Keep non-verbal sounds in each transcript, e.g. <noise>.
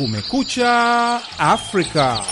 Kumekucha Afrika.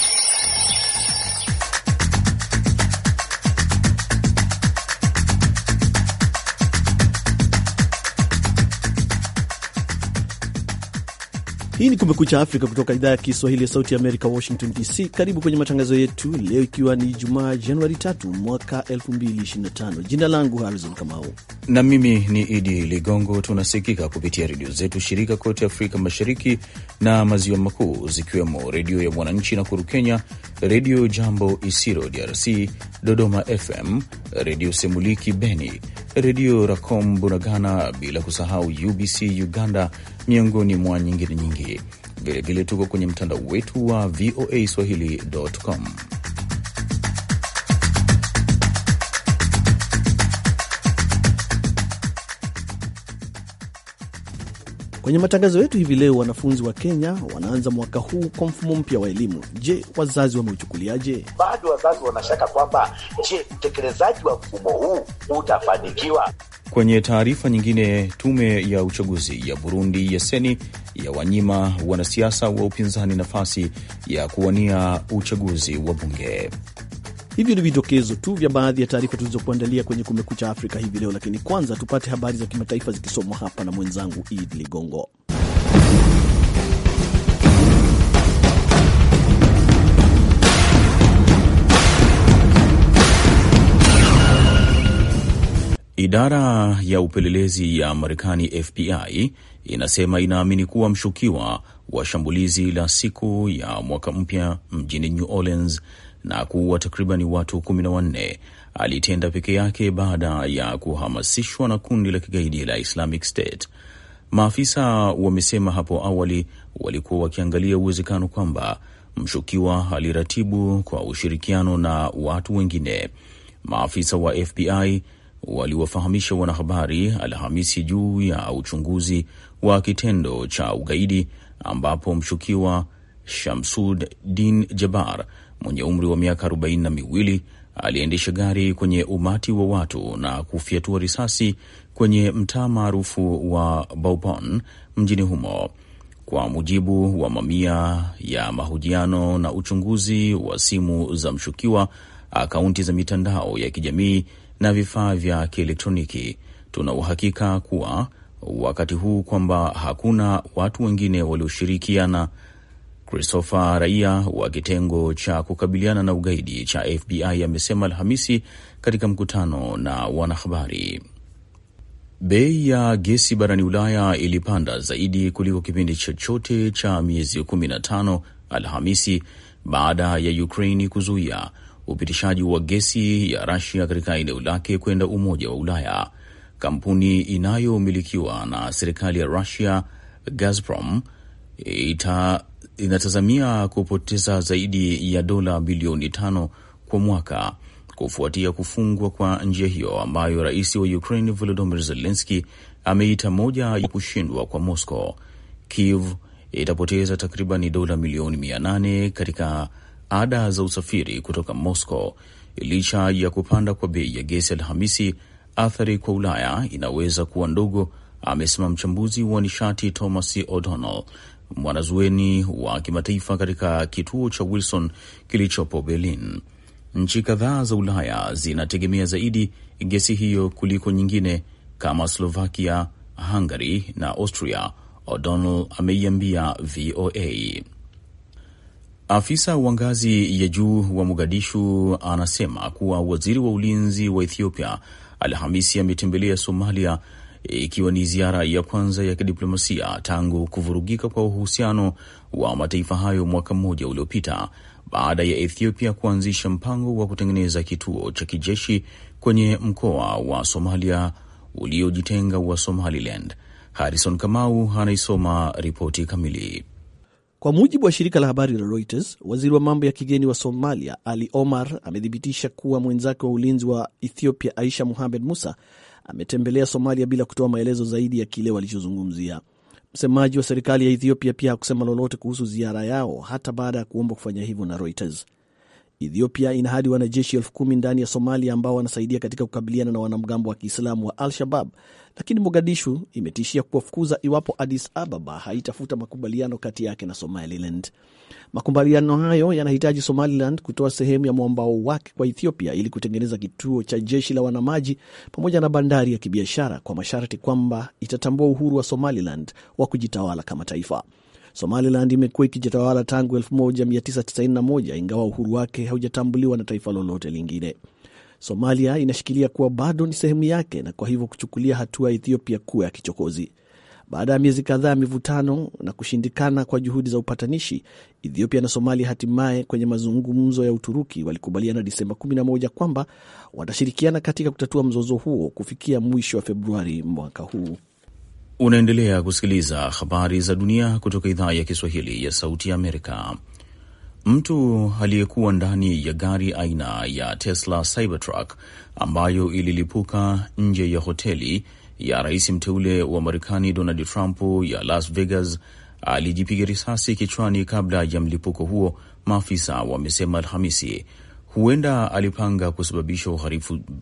Hii ni Kumekucha Afrika kutoka idhaa ya Kiswahili ya Sauti ya Amerika, Washington DC. Karibu kwenye matangazo yetu leo, ikiwa ni Jumaa Januari 3 mwaka 2025. Jina langu Harrison Kamau na mimi ni Idi Ligongo. Tunasikika kupitia redio zetu shirika kote Afrika Mashariki na Maziwa Makuu, zikiwemo Redio ya Mwananchi Nakuru Kenya, Redio Jambo Isiro DRC, Dodoma FM, Redio Semuliki Beni, Redio Racom Bunagana, bila kusahau UBC Uganda miongoni mwa nyingine nyingi. Vilevile tuko kwenye mtandao wetu wa VOA swahili.com. Kwenye matangazo yetu hivi leo, wanafunzi wa Kenya wanaanza mwaka huu kwa mfumo mpya wa elimu. Je, wazazi wameuchukuliaje? Bado wazazi wanashaka kwamba, je, utekelezaji wa mfumo huu utafanikiwa? Kwenye taarifa nyingine, tume ya uchaguzi ya Burundi ya seni ya wanyima wanasiasa wa upinzani nafasi ya kuwania uchaguzi wa bunge. Hivyo ni vidokezo tu vya baadhi ya taarifa tulizokuandalia kwenye Kumekucha Afrika hivi leo, lakini kwanza tupate habari za kimataifa zikisomwa hapa na mwenzangu Idi Ligongo. Idara ya upelelezi ya Marekani, FBI, inasema inaamini kuwa mshukiwa wa shambulizi la siku ya mwaka mpya mjini New Orleans na kuua takriban watu kumi na wanne alitenda peke yake baada ya kuhamasishwa na kundi la kigaidi la Islamic State. Maafisa wamesema hapo awali walikuwa wakiangalia uwezekano kwamba mshukiwa aliratibu kwa ushirikiano na watu wengine. Maafisa wa FBI waliwafahamisha wanahabari Alhamisi juu ya uchunguzi wa kitendo cha ugaidi ambapo mshukiwa Shamsud Din Jabar mwenye umri wa miaka arobaini na miwili aliendesha gari kwenye umati wa watu na kufyatua risasi kwenye mtaa maarufu wa Baubon mjini humo, kwa mujibu wa mamia ya mahojiano na uchunguzi wa simu za mshukiwa, akaunti za mitandao ya kijamii na vifaa vya kielektroniki. Tuna uhakika kuwa wakati huu kwamba hakuna watu wengine walioshirikiana. Christopher Raia wa kitengo cha kukabiliana na ugaidi cha FBI amesema Alhamisi katika mkutano na wanahabari. Bei ya gesi barani Ulaya ilipanda zaidi kuliko kipindi chochote cha miezi 15 Alhamisi baada ya Ukraini kuzuia upitishaji wa gesi ya Rasia katika eneo lake kwenda Umoja wa Ulaya. Kampuni inayomilikiwa na serikali ya Rusia, Gazprom, ita, inatazamia kupoteza zaidi ya dola bilioni tano kwa mwaka kufuatia kufungwa kwa njia hiyo ambayo rais wa Ukraine Volodymyr Zelenski ameita moja ya kushindwa kwa Moscow. Kiev itapoteza takriban dola milioni mia nane katika ada za usafiri kutoka Moscow. Licha ya kupanda kwa bei ya gesi Alhamisi, athari kwa Ulaya inaweza kuwa ndogo, amesema mchambuzi wa nishati Thomas O'Donnell, mwanazueni wa kimataifa katika kituo cha Wilson kilichopo Berlin. Nchi kadhaa za Ulaya zinategemea zaidi gesi hiyo kuliko nyingine kama Slovakia, Hungary na Austria, O'Donnell ameiambia VOA. Afisa wa ngazi ya juu wa Mogadishu anasema kuwa waziri wa ulinzi wa Ethiopia Alhamisi ametembelea Somalia, ikiwa ni ziara ya kwanza ya kidiplomasia tangu kuvurugika kwa uhusiano wa mataifa hayo mwaka mmoja uliopita baada ya Ethiopia kuanzisha mpango wa kutengeneza kituo cha kijeshi kwenye mkoa wa Somalia uliojitenga wa Somaliland. Harrison Kamau anaisoma ripoti kamili. Kwa mujibu wa shirika la habari la Reuters, waziri wa mambo ya kigeni wa Somalia Ali Omar amethibitisha kuwa mwenzake wa ulinzi wa Ethiopia Aisha muhamed Musa ametembelea Somalia bila kutoa maelezo zaidi ya kile walichozungumzia. Msemaji wa serikali ya Ethiopia pia hakusema lolote kuhusu ziara yao hata baada ya kuomba kufanya hivyo na Reuters. Ethiopia ina hadi wanajeshi elfu kumi ndani ya Somalia ambao wanasaidia katika kukabiliana na wanamgambo wa Kiislamu wa Al-Shabab lakini Mogadishu imetishia kuwafukuza iwapo Addis Ababa haitafuta makubaliano kati yake na Somaliland. Makubaliano hayo yanahitaji Somaliland kutoa sehemu ya mwambao wake kwa Ethiopia ili kutengeneza kituo cha jeshi la wanamaji pamoja na bandari ya kibiashara kwa masharti kwamba itatambua uhuru wa Somaliland wa kujitawala kama taifa. Somaliland imekuwa ikijitawala tangu 1991 ingawa uhuru wake haujatambuliwa na taifa lolote lingine. Somalia inashikilia kuwa bado ni sehemu yake na kwa hivyo kuchukulia hatua Ethiopia kuwa ya kichokozi. Baada ya miezi kadhaa ya mivutano na kushindikana kwa juhudi za upatanishi, Ethiopia na Somalia hatimaye kwenye mazungumzo ya Uturuki walikubaliana Disemba 11 kwamba watashirikiana katika kutatua mzozo huo kufikia mwisho wa Februari mwaka huu. Unaendelea kusikiliza habari za dunia kutoka idhaa ya Kiswahili ya Sauti ya Amerika. Mtu aliyekuwa ndani ya gari aina ya Tesla Cybertruck ambayo ililipuka nje ya hoteli ya rais mteule wa Marekani Donald Trump ya Las Vegas alijipiga risasi kichwani kabla ya mlipuko huo, maafisa wamesema Alhamisi. Huenda alipanga kusababisha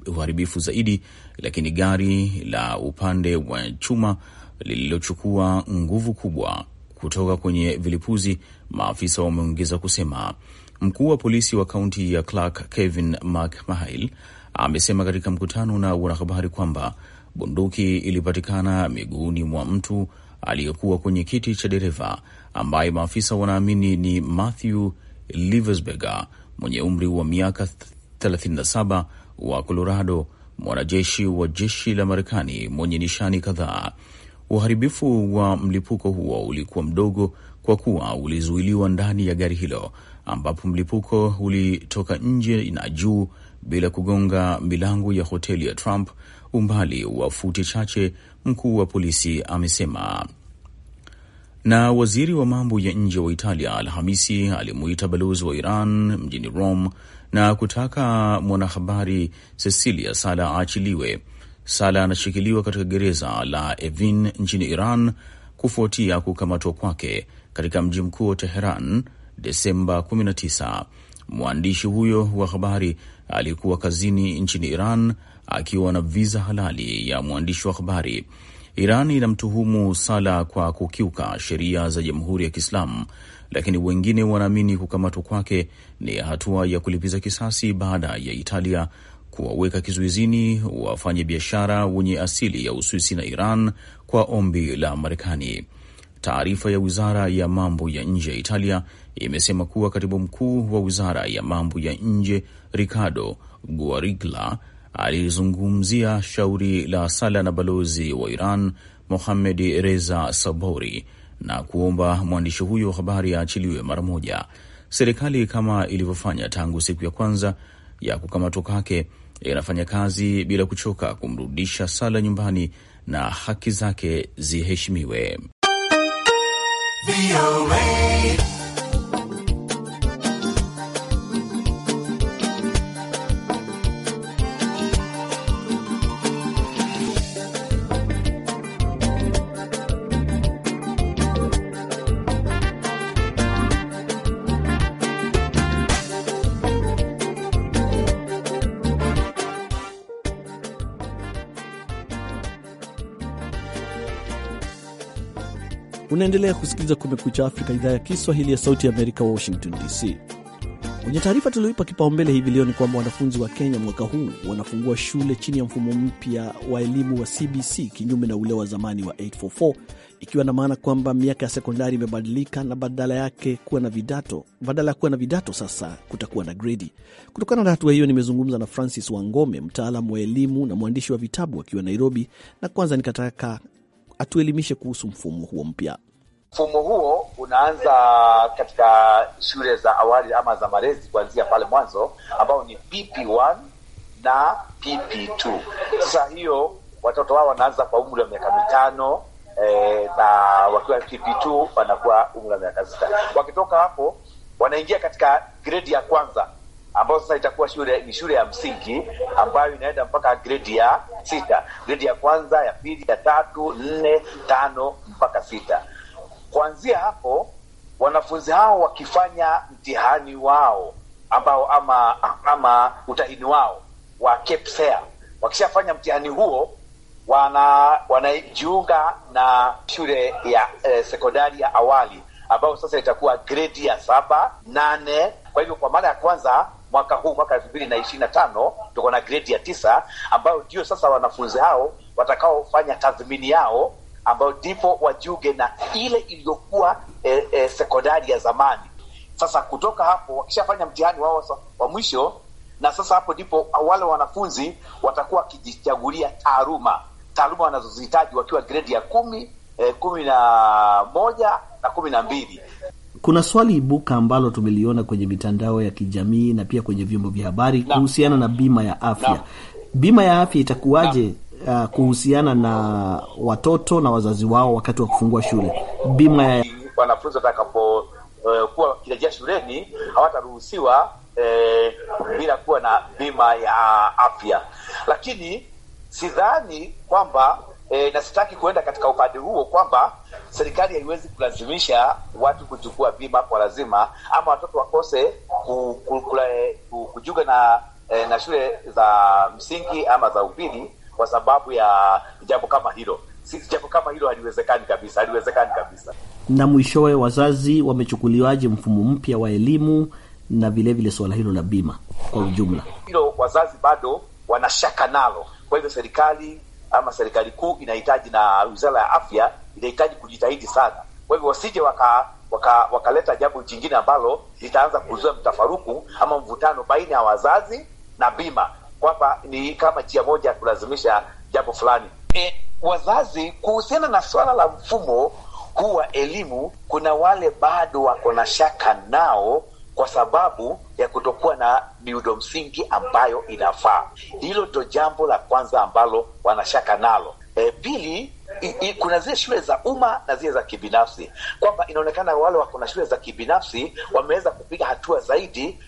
uharibifu zaidi, lakini gari la upande wa chuma lililochukua nguvu kubwa kutoka kwenye vilipuzi Maafisa wameongeza kusema mkuu wa polisi wa kaunti ya Clark Kevin McMahon amesema katika mkutano na wanahabari kwamba bunduki ilipatikana miguuni mwa mtu aliyekuwa kwenye kiti cha dereva ambaye maafisa wanaamini ni Matthew Livesberger mwenye umri wa miaka 37 wa Colorado, mwanajeshi wa jeshi la Marekani mwenye nishani kadhaa. Uharibifu wa mlipuko huo ulikuwa mdogo kwa kuwa ulizuiliwa ndani ya gari hilo, ambapo mlipuko ulitoka nje na juu bila kugonga milango ya hoteli ya Trump umbali wa futi chache, mkuu wa polisi amesema. Na waziri wa mambo ya nje wa Italia Alhamisi alimuita balozi wa Iran mjini Rome na kutaka mwanahabari Cecilia Sala aachiliwe. Sala anashikiliwa katika gereza la Evin nchini Iran kufuatia kukamatwa kwake katika mji mkuu wa Teheran Desemba 19. Mwandishi huyo wa habari alikuwa kazini nchini Iran akiwa na viza halali ya mwandishi wa habari. Iran inamtuhumu Sala kwa kukiuka sheria za Jamhuri ya Kiislamu, lakini wengine wanaamini kukamatwa kwake ni hatua ya kulipiza kisasi baada ya Italia kuwaweka kizuizini wafanya biashara wenye asili ya Uswisi na Iran kwa ombi la Marekani. Taarifa ya wizara ya mambo ya nje ya Italia imesema kuwa katibu mkuu wa wizara ya mambo ya nje Ricardo guarigla alizungumzia shauri la sala na balozi wa Iran Mohamed Reza Sabori na kuomba mwandishi huyo wa habari aachiliwe mara moja. Serikali kama ilivyofanya tangu siku ya kwanza ya kukamatwa kwake inafanya kazi bila kuchoka kumrudisha Sala nyumbani na haki zake ziheshimiwe. VOA. Unaendelea kusikiliza Kumekucha Afrika, idhaa ya Kiswahili ya Sauti ya Amerika, Washington DC. Kwenye taarifa tulioipa kipaumbele hivi leo ni kwamba wanafunzi wa Kenya mwaka huu wanafungua shule chini ya mfumo mpya wa elimu wa CBC kinyume na ule wa zamani wa 844 ikiwa na maana kwamba miaka ya sekondari imebadilika na badala yake kuwa na vidato, badala ya kuwa na vidato sasa kutakuwa na gredi. Kutokana na hatua hiyo, nimezungumza na Francis Wangome, mtaalamu wa elimu na mwandishi wa vitabu akiwa Nairobi, na kwanza nikataka atuelimishe kuhusu mfumo huo mpya. Mfumo huo unaanza katika shule za awali ama za malezi kuanzia pale mwanzo, ambao ni PP1 na PP2. Sasa hiyo watoto wao wanaanza kwa umri wa miaka mitano e, na wakiwa PP2 wanakuwa umri wa miaka sita. Wakitoka hapo wanaingia katika gredi ya kwanza ambayo sasa itakuwa shule ni shule ya msingi ambayo inaenda mpaka gredi ya sita, gredi ya kwanza, ya pili, ya tatu, nne, tano mpaka sita. Kuanzia hapo wanafunzi hao wakifanya mtihani wao ambao ama ama utahini wao wa KPSEA, wakishafanya mtihani huo wana wanajiunga na shule ya eh, sekondari ya awali ambayo sasa itakuwa gredi ya saba nane. Kwa hivyo kwa mara ya kwanza mwaka huu mwaka elfu mbili na ishirini na tano tuko na gredi ya tisa ambayo ndio sasa wanafunzi hao watakaofanya tathmini yao ambayo ndipo wajiunge na ile iliyokuwa eh, eh, sekondari ya zamani. Sasa kutoka hapo wakishafanya mtihani wao wa mwisho, na sasa hapo ndipo wale wanafunzi watakuwa wakijichagulia taaluma taaluma wanazozihitaji wakiwa gredi ya kumi, eh, kumi na moja na kumi na mbili. Kuna swali ibuka ambalo tumeliona kwenye mitandao ya kijamii na pia kwenye vyombo vya habari kuhusiana na bima ya afya. Bima ya afya itakuwaje uh, kuhusiana na watoto na wazazi wao wakati wa kufungua shule. Bima ya wanafunzi watakapokuwa uh, kirejea shuleni hawataruhusiwa uh, bila kuwa na bima ya afya, lakini sidhani kwamba E, na sitaki kuenda katika upande huo kwamba serikali haiwezi kulazimisha watu kuchukua bima kwa lazima, ama watoto wakose eh, kujiunga na, eh, na shule za msingi ama za upili kwa sababu ya jambo kama hilo. Jambo kama hilo haliwezekani kabisa, haliwezekani kabisa. Na mwishowe, wazazi wamechukuliwaje mfumo mpya wa elimu na vilevile suala hilo la bima kwa ujumla? Hilo wazazi bado wanashaka nalo. Kwa hivyo serikali ama serikali kuu inahitaji na wizara ya afya inahitaji kujitahidi sana. Kwa hivyo wasije waka wakaleta waka jambo jingine ambalo litaanza kuzua mtafaruku ama mvutano baina ya wazazi na bima kwamba ni kama njia moja ya kulazimisha jambo fulani. E, wazazi kuhusiana na swala la mfumo huu wa elimu, kuna wale bado wako na shaka nao kwa sababu ya kutokuwa na miundo msingi ambayo inafaa. Hilo ndo jambo la kwanza ambalo wanashaka nalo. E, pili i, i, kuna zile shule za umma na zile za kibinafsi, kwamba inaonekana wale wako na shule za kibinafsi wameweza kupiga hatua zaidi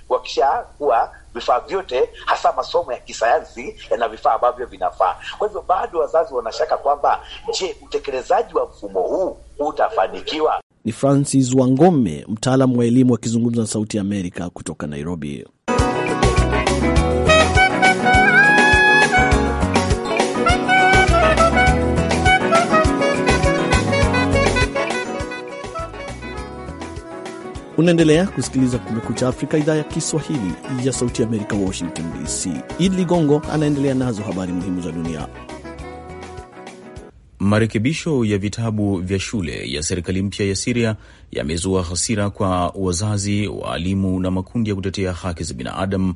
kuwa vifaa vyote hasa masomo ya kisayansi yana vifaa ambavyo vinafaa. Kwa hivyo bado wazazi wanashaka kwamba, je, utekelezaji wa mfumo huu utafanikiwa? Ni Francis Wangome, mtaalamu wa elimu akizungumza na Sauti ya Amerika kutoka Nairobi. Unaendelea kusikiliza Kumekucha Afrika, idhaa ya Kiswahili ya Sauti Amerika, Washington DC. Idi Ligongo anaendelea nazo habari muhimu za dunia. Marekebisho ya vitabu vya shule ya serikali mpya ya Siria yamezua hasira kwa wazazi, waalimu na makundi ya kutetea haki za binadamu.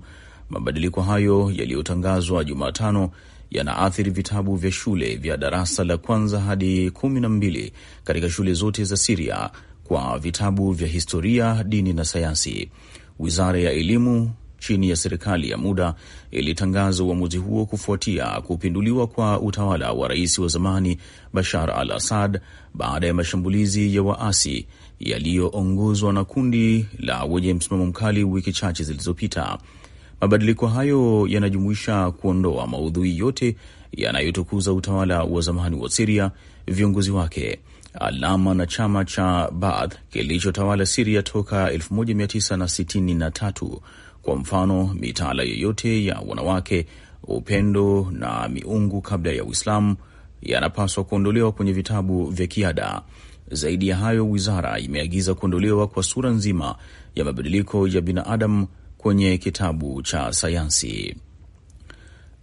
Mabadiliko hayo yaliyotangazwa Jumatano yanaathiri vitabu vya shule vya darasa la kwanza hadi kumi na mbili katika shule zote za Siria kwa vitabu vya historia, dini na sayansi. Wizara ya elimu chini ya serikali ya muda ilitangaza uamuzi huo kufuatia kupinduliwa kwa utawala wa rais wa zamani Bashar al Assad baada ya mashambulizi ya waasi yaliyoongozwa na kundi la wenye msimamo mkali wiki chache zilizopita. Mabadiliko hayo yanajumuisha kuondoa maudhui yote yanayotukuza utawala wa zamani wa Siria, viongozi wake alama na chama cha Baath kilichotawala Siria toka 1963. Kwa mfano, mitaala yoyote ya wanawake, upendo na miungu kabla ya Uislamu yanapaswa kuondolewa kwenye vitabu vya kiada. Zaidi ya hayo, wizara imeagiza kuondolewa kwa sura nzima ya mabadiliko ya binadamu kwenye kitabu cha sayansi.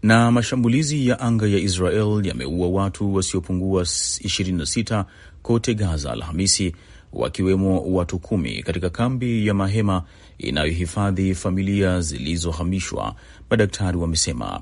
Na mashambulizi ya anga ya Israel yameua watu wasiopungua 26 kote Gaza Alhamisi, wakiwemo watu kumi katika kambi ya mahema inayohifadhi familia zilizohamishwa, madaktari wamesema.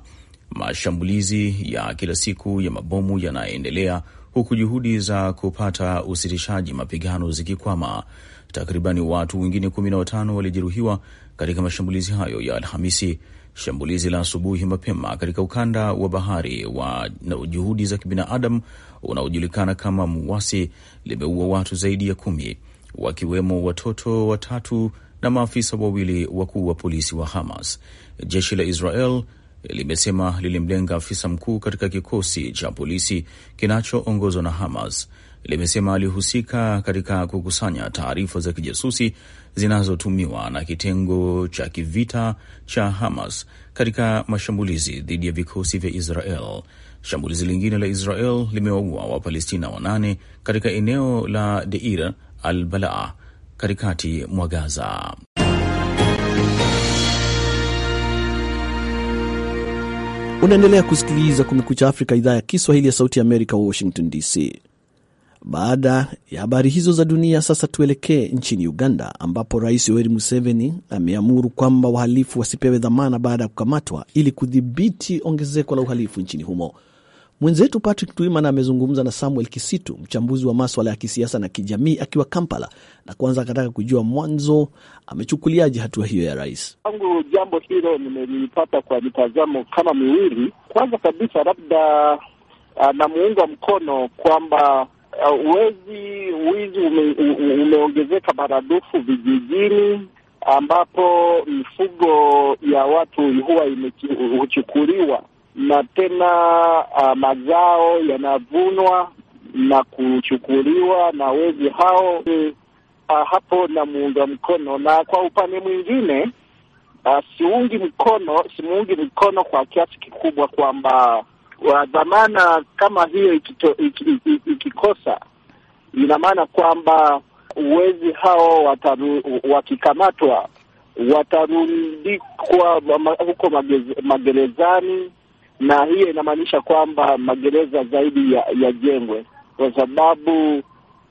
Mashambulizi ya kila siku ya mabomu yanaendelea huku juhudi za kupata usitishaji mapigano zikikwama. Takribani watu wengine kumi na watano walijeruhiwa katika mashambulizi hayo ya Alhamisi. Shambulizi la asubuhi mapema katika ukanda wa bahari wa juhudi za kibinadamu unaojulikana kama Muwasi limeua watu zaidi ya kumi wakiwemo watoto watatu na maafisa wawili wakuu wa polisi wa Hamas. Jeshi la Israel limesema lilimlenga afisa mkuu katika kikosi cha polisi kinachoongozwa na Hamas. Limesema alihusika katika kukusanya taarifa za kijasusi zinazotumiwa na kitengo cha kivita cha Hamas katika mashambulizi dhidi ya vikosi vya Israel. Shambulizi lingine la Israel limewaua Wapalestina wanane katika eneo la Deir al-Balah katikati mwa Gaza. Unaendelea kusikiliza Kumekucha Afrika, idhaa ya Kiswahili ya Sauti ya Amerika, Washington DC. Baada ya habari hizo za dunia, sasa tuelekee nchini Uganda ambapo Rais Yoweri Museveni ameamuru kwamba wahalifu wasipewe dhamana baada ya kukamatwa ili kudhibiti ongezeko la uhalifu nchini humo. Mwenzetu Patrick Twimana amezungumza na Samuel Kisitu, mchambuzi wa maswala ya kisiasa na kijamii, akiwa Kampala, na kwanza akataka kujua mwanzo amechukuliaje hatua hiyo ya rais. Tangu jambo hilo nimelipata kwa mitazamo kama miwili. Kwanza kabisa, labda ah, namuunga mkono kwamba Eh, wezi wizi ume, umeongezeka maradufu vijijini ambapo mifugo ya watu huwa huchukuliwa na tena uh, mazao yanavunwa na kuchukuliwa na wezi hao. Uh, hapo namuunga mkono, na kwa upande mwingine uh, siungi mkono simuungi mkono kwa kiasi kikubwa kwamba wa dhamana kama hiyo ikito, ik, ik, ik, ikikosa, ina maana kwamba wezi hao wataru, wakikamatwa watarundikwa huko magerezani, na hiyo inamaanisha kwamba magereza zaidi yajengwe ya kwa sababu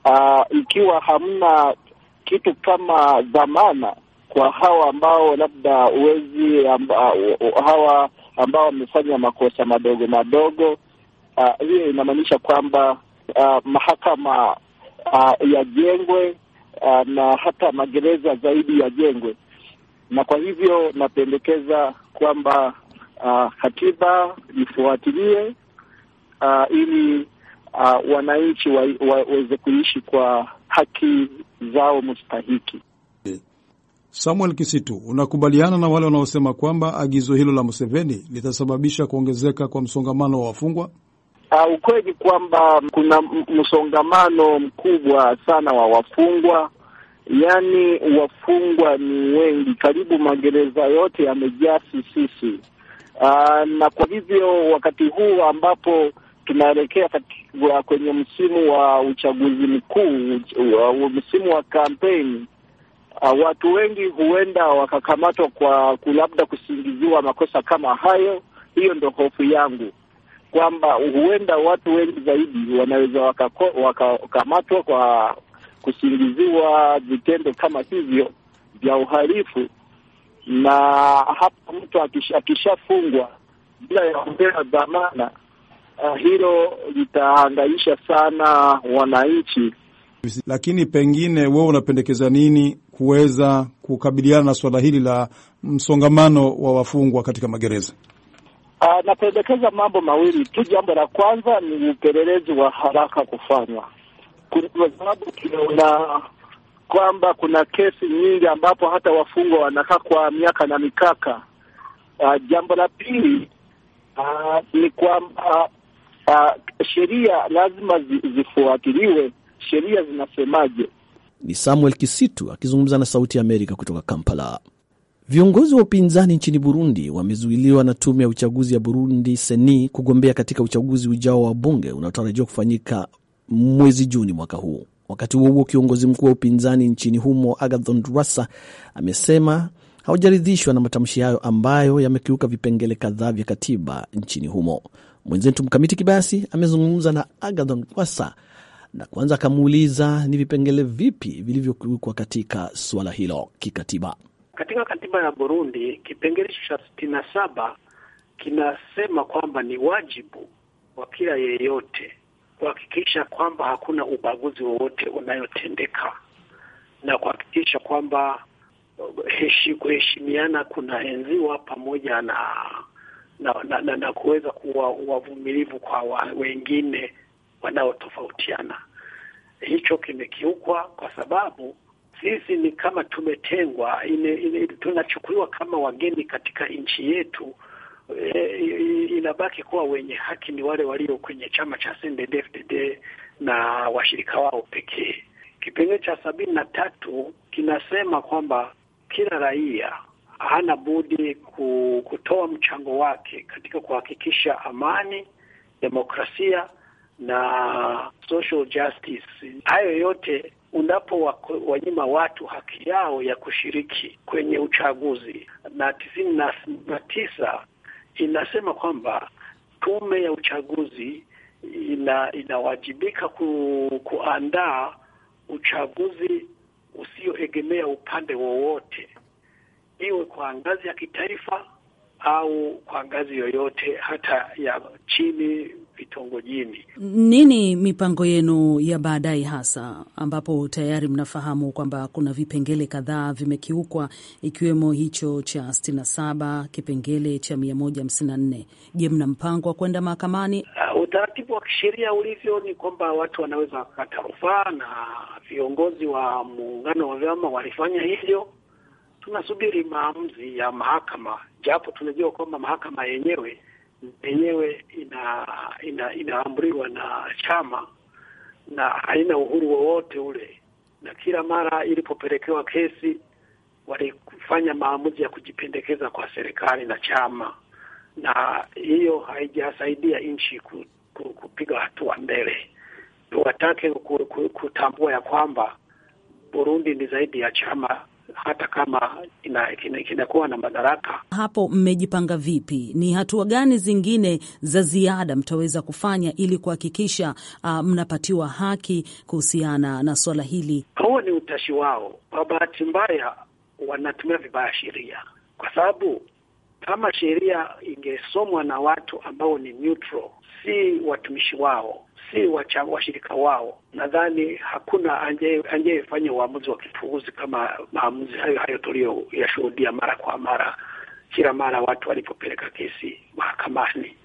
uh, ikiwa hamna kitu kama dhamana kwa hawa ambao labda uwezi amba, hawa ambao wamefanya makosa madogo madogo. Ah, hiyo uh, inamaanisha kwamba uh, mahakama uh, ah, yajengwe uh, na hata magereza zaidi yajengwe, na kwa hivyo napendekeza kwamba uh, katiba ifuatilie uh, ili uh, wananchi waweze wa, kuishi kwa haki zao mustahiki. Samuel Kisitu, unakubaliana na wale wanaosema kwamba agizo hilo la Museveni litasababisha kuongezeka kwa msongamano wa wafungwa? Uh, ukweli kwamba kuna msongamano mkubwa sana wa wafungwa, yaani wafungwa ni wengi, karibu magereza yote yamejaa sisisi. Uh, ah, na kwa hivyo wakati huu ambapo tunaelekea kwenye msimu wa uchaguzi mkuu, msimu wa kampeni Uh, watu wengi huenda wakakamatwa kwa labda kusingiziwa makosa kama hayo. Hiyo ndo hofu yangu kwamba huenda watu wengi zaidi wanaweza wakakamatwa waka kwa kusingiziwa vitendo kama hivyo vya uhalifu, na hapa mtu akishafungwa bila ya kupewa dhamana uh, hilo litahangaisha sana wananchi. Lakini pengine wewe unapendekeza nini kuweza kukabiliana na suala hili la msongamano wa wafungwa katika magereza? Ah, napendekeza mambo mawili tu. Jambo la kwanza ni upelelezi wa haraka kufanywa, kwa sababu tunaona kwamba kuna kesi nyingi ambapo hata wafungwa wanakaa kwa miaka na mikaka. Uh, jambo la pili ah, ni kwamba sheria lazima zifuatiliwe. Sheria zinasemaje? Ni Samuel Kisitu akizungumza na Sauti ya Amerika kutoka Kampala. Viongozi wa upinzani nchini Burundi wamezuiliwa na tume ya uchaguzi ya Burundi seni kugombea katika uchaguzi ujao wa bunge unaotarajiwa kufanyika mwezi Juni mwaka huu. Wakati huo huo, kiongozi mkuu wa upinzani nchini humo Agathon Rwasa amesema hawajaridhishwa na matamshi hayo ambayo yamekiuka vipengele kadhaa vya katiba nchini humo. Mwenzetu Mkamiti Kibayasi amezungumza na Agathon Rwasa na kwanza akamuuliza ni vipengele vipi vilivyokiukwa katika suala hilo kikatiba. Katika katiba ya Burundi kipengele cha sitini na saba kinasema kwamba ni wajibu wa kila yeyote kuhakikisha kwamba hakuna ubaguzi wowote unayotendeka na kuhakikisha kwamba uh, kuheshimiana kunaenziwa pamoja na na, na, na, na kuweza kuwa wavumilivu kwa wa, wengine wanaotofautiana. Hicho kimekiukwa kwa sababu sisi ni kama tumetengwa, tunachukuliwa kama wageni katika nchi yetu. E, inabaki kuwa wenye haki ni wale walio kwenye chama cha CNDD-FDD na washirika wao pekee. Kipengele cha sabini na tatu kinasema kwamba kila raia hana budi kutoa mchango wake katika kuhakikisha amani, demokrasia na social justice. Hayo yote unapowanyima watu haki yao ya kushiriki kwenye uchaguzi, na tisini na tisa inasema kwamba tume ya uchaguzi ina, inawajibika ku, kuandaa uchaguzi usioegemea upande wowote, iwe kwa ngazi ya kitaifa au kwa ngazi yoyote hata ya chini vitongojini. Nini mipango yenu ya baadaye, hasa ambapo tayari mnafahamu kwamba kuna vipengele kadhaa vimekiukwa, ikiwemo hicho cha 67 kipengele cha 154? Je, mna mpango wa kwenda mahakamani? Uh, utaratibu wa kisheria ulivyo ni kwamba watu wanaweza kukata rufaa na viongozi wa muungano wa vyama walifanya hivyo. Tunasubiri maamuzi ya mahakama, japo tunajua kwamba mahakama yenyewe yenyewe ina inaamriwa na chama na haina uhuru wowote ule, na kila mara ilipopelekewa kesi walifanya maamuzi ya kujipendekeza kwa serikali na chama, na hiyo haijasaidia nchi ku, ku, kupiga hatua mbele. Watake ku, ku, kutambua ya kwamba Burundi ni zaidi ya chama hata kama kinakuwa na madaraka. Hapo mmejipanga vipi? Ni hatua gani zingine za ziada mtaweza kufanya ili kuhakikisha uh, mnapatiwa haki kuhusiana na swala hili? Huo ni utashi wao. Kwa bahati mbaya, wanatumia vibaya sheria, kwa sababu kama sheria ingesomwa na watu ambao ni neutral, si watumishi wao si washirika wao, nadhani hakuna anayefanya uamuzi wa kipuuzi kama maamuzi hayo hayo tuliyoyashuhudia mara kwa mara, kila mara watu walipopeleka kesi mahakamani.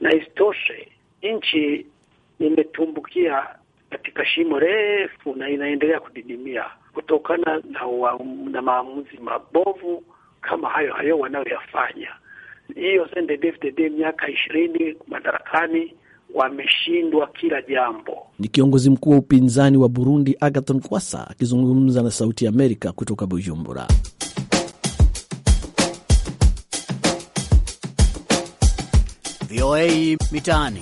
Na isitoshe nchi imetumbukia katika shimo refu na inaendelea kudidimia kutokana na, na maamuzi mabovu kama hayo hayo wanayoyafanya. Hiyo CNDD-FDD miaka ishirini madarakani wameshindwa kila jambo. Ni kiongozi mkuu wa upinzani wa Burundi Agathon Kwasa akizungumza na Sauti ya Amerika kutoka Bujumbura. VOA Mitaani.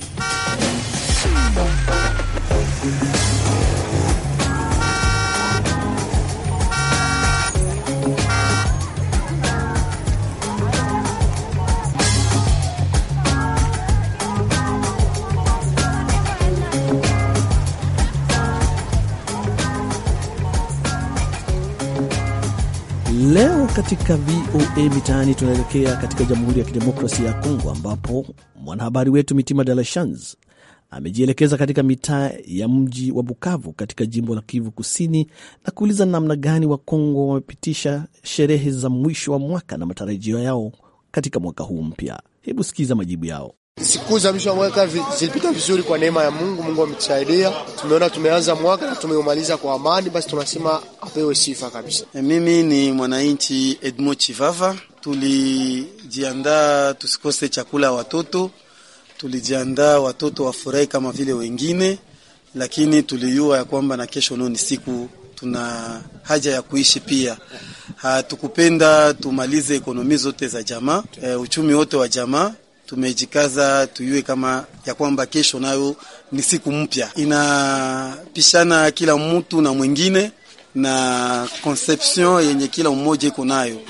katika VOA Mitaani tunaelekea katika Jamhuri ya Kidemokrasia ya Kongo, ambapo mwanahabari wetu Mitima De La Shans amejielekeza katika mitaa ya mji wa Bukavu katika jimbo la Kivu Kusini na kuuliza namna gani Wakongo wamepitisha sherehe za mwisho wa mwaka na matarajio yao katika mwaka huu mpya. Hebu sikiza majibu yao. Siku za mwisho wa mwaka zilipita vizuri kwa neema ya Mungu. Mungu ametusaidia, tumeona tumeanza mwaka na tumeumaliza kwa amani, basi tunasema apewe sifa kabisa. E, mimi ni mwananchi Edmo Chivava. Tulijiandaa tusikose chakula watoto, tulijiandaa watoto wafurahi kama vile wengine, lakini tuliyua ya kwamba na kesho nao ni siku tuna haja ya kuishi pia. Hatukupenda tumalize ekonomi zote za jamaa, e, uchumi wote wa jamaa tumejikaza tuyue kama ya kwamba kesho nayo ni siku mpya, inapishana kila mtu na mwingine na conception yenye kila mmoja iko nayo.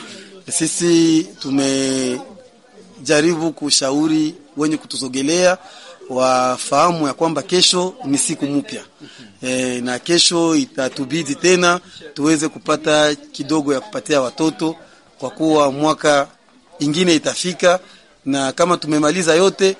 Sisi tumejaribu kushauri wenye kutusogelea wafahamu ya kwamba kesho ni siku mpya e, na kesho itatubidi tena tuweze kupata kidogo ya kupatia watoto, kwa kuwa mwaka ingine itafika na kama tumemaliza yote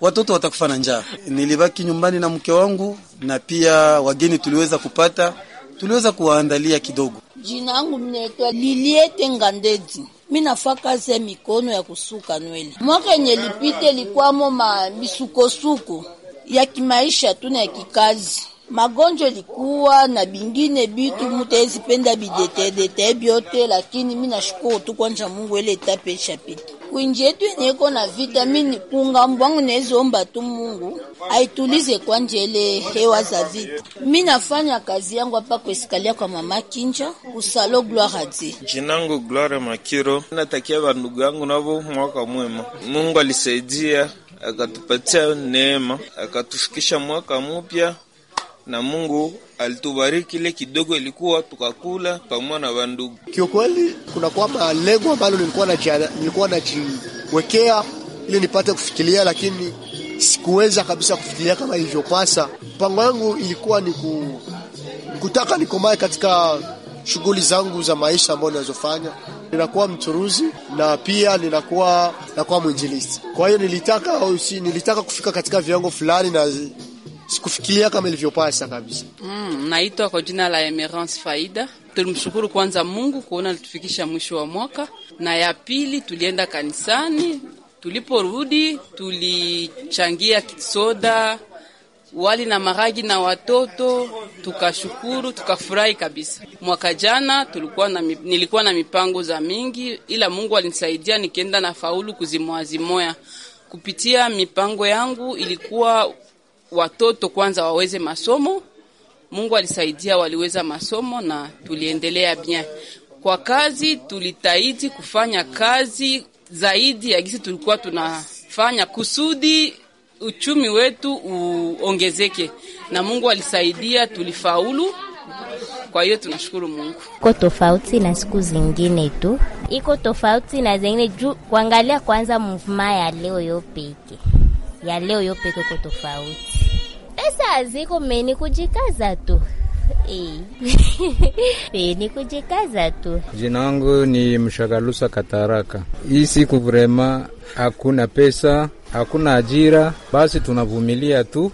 watoto watakufa na njaa. Nilibaki nyumbani na mke wangu na pia wageni tuliweza kupata, tuliweza kuwaandalia kidogo. Jina langu mnaitwa Liliete Ngandedi. Mi nafaa kazi ya mikono ya kusuka nywele. Mwaka yenye lipite likwamo ma misukosuko ya kimaisha tu na kikazi, magonjwa likuwa na bingine bitu mutezi penda bidetedete byote, lakini mi nashukuru tu kwanja Mungu ile tapesha pita Kwinji yetu yeneko na vitamini kungambo wangu naeziomba tu Mungu aitulize kwa njele hewa za vita. Mi nafanya kazi yangu hapa kuesikalia kwa mama Kinja kusalo Gloire adi jinangu Gloire Makiro. Natakia bandugu yangu navo mwaka mwema, Mungu alisaidia akatupatia neema akatufikisha mwaka mupya na Mungu alitubariki kile kidogo ilikuwa tukakula pamoja na wandugu. Kiukweli kuna kwamba lengo ambalo nilikuwa nilikuwa najiwekea ili nipate kufikiria, lakini sikuweza kabisa kufikiria kama ilivyopasa. Mpango wangu ilikuwa ni niku, kutaka nikomae katika shughuli zangu za maisha ambayo ninazofanya. Ninakuwa mchuruzi na pia ninakuwa nakuwa mwinjilisti. Kwa hiyo nilitaka nilitaka kufika katika viwango fulani na sikufikiria kama ilivyopasa kabisa. Mm, naitwa kwa jina la Emerance Faida. Tulimshukuru kwanza Mungu kuona alitufikisha mwisho wa mwaka, na ya pili tulienda kanisani. Tuliporudi tulichangia kisoda, wali na maragi na watoto, tukashukuru tukafurahi kabisa. Mwaka jana tulikuwa na, nilikuwa na mipango za mingi, ila Mungu alinisaidia nikienda na faulu kuzimoazimoya kupitia mipango yangu ilikuwa watoto kwanza waweze masomo. Mungu alisaidia, waliweza masomo na tuliendelea bien kwa kazi. Tulitahidi kufanya kazi zaidi ya gisi tulikuwa tunafanya kusudi uchumi wetu uongezeke, na Mungu alisaidia, tulifaulu. Kwa hiyo tunashukuru Mungu. Iko tofauti na siku zingine tu, iko tofauti na zingine juu kuangalia kwanza mvuma ya leo yo peke ya leo yopeke ko tofauti. Pesa haziko meni kujikaza tu <laughs> e. <laughs> ni kujikaza tu. Jina langu ni Mshagalusa Kataraka. Hii siku vrema hakuna pesa, hakuna ajira, basi tunavumilia tu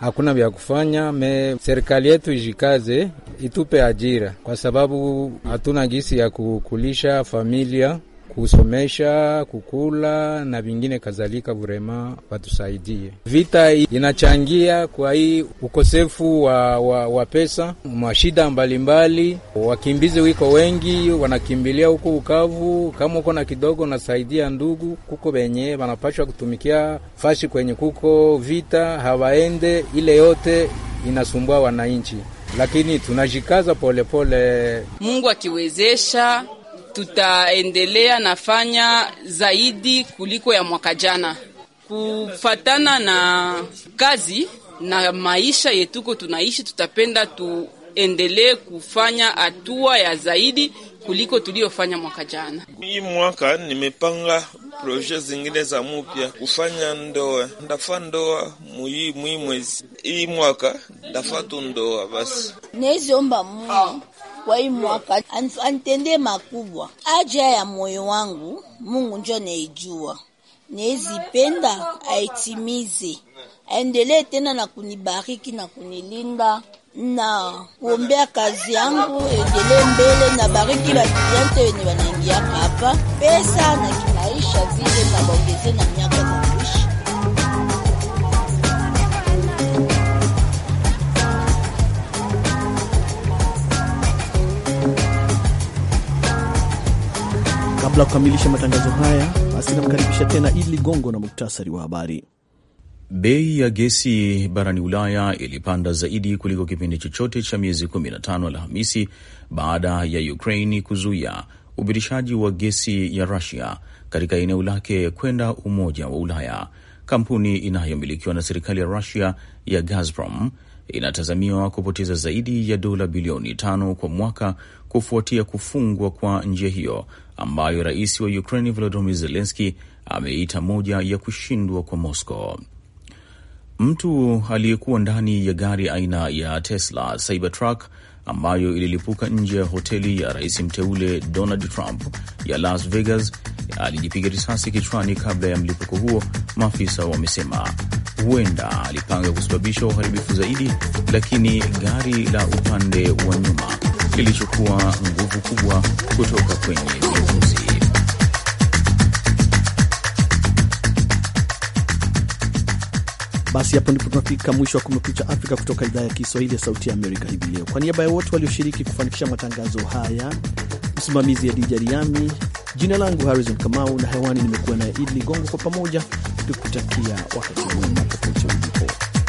hakuna vya kufanya. Me serikali yetu ijikaze, itupe ajira, kwa sababu hatuna gisi ya kukulisha familia kusomesha, kukula na vingine kadhalika. vurema watusaidie, vita inachangia kwa hii ukosefu wa, wa, wa pesa, mashida mbalimbali. Wakimbizi wiko wengi, wanakimbilia huko Ukavu. Kama uko na kidogo, nasaidia ndugu. Kuko wenye wanapashwa kutumikia fashi kwenye kuko vita, hawaende ile yote inasumbua wananchi, lakini tunajikaza polepole pole. Mungu akiwezesha tutaendelea nafanya zaidi kuliko ya mwaka jana, kufatana na kazi na maisha yetuko tunaishi. Tutapenda tuendelee kufanya hatua ya zaidi kuliko tuliyofanya mwaka jana. Hii mwaka nimepanga proje zingine za mupya kufanya ndoa, ndafa ndoa mwii mwezi hii mwaka ndafa tu ndoa basi, neziomba Mungu kwa hii mwaka anitendee makubwa. Haja ya moyo wangu Mungu njo naijua, nezipenda aitimize, aendelee tena na kunibariki na kunilinda na kuombea kazi yangu endelee mbele, na bariki vatuante wenye wanaingiaka hapa pesa na kimaisha zile, na baongeze na miaka za kuishi. Kabla ya kukamilisha matangazo haya, basi namkaribisha tena Idi Ligongo na muktasari wa habari. Bei ya gesi barani Ulaya ilipanda zaidi kuliko kipindi chochote cha miezi 15 Alhamisi baada ya Ukraini kuzuia upitishaji wa gesi ya Rusia katika eneo lake kwenda Umoja wa Ulaya. Kampuni inayomilikiwa na serikali ya Rusia ya Gazprom inatazamiwa kupoteza zaidi ya dola bilioni tano kwa mwaka kufuatia kufungwa kwa njia hiyo ambayo rais wa Ukraini Volodymyr Zelenski ameita moja ya kushindwa kwa Moscow. Mtu aliyekuwa ndani ya gari aina ya Tesla Cybertruck ambayo ililipuka nje ya hoteli ya rais mteule Donald Trump ya Las Vegas alijipiga risasi kichwani kabla ya mlipuko huo, maafisa wamesema. Huenda alipanga kusababisha uharibifu zaidi, lakini gari la upande wa nyuma kilichokuwa nguvu kubwa kutoka kwenye uchaguzi. Basi hapo ndipo tunafika mwisho wa Kumekucha Afrika kutoka idhaa ya Kiswahili ya Sauti ya Amerika hivi leo. Kwa niaba ya wote walioshiriki kufanikisha matangazo haya, msimamizi ya Dija Riami, jina langu Harrison Kamau na hewani nimekuwa naye Idi Ligongo, kwa pamoja tukutakia wakati mwema popote ulipo.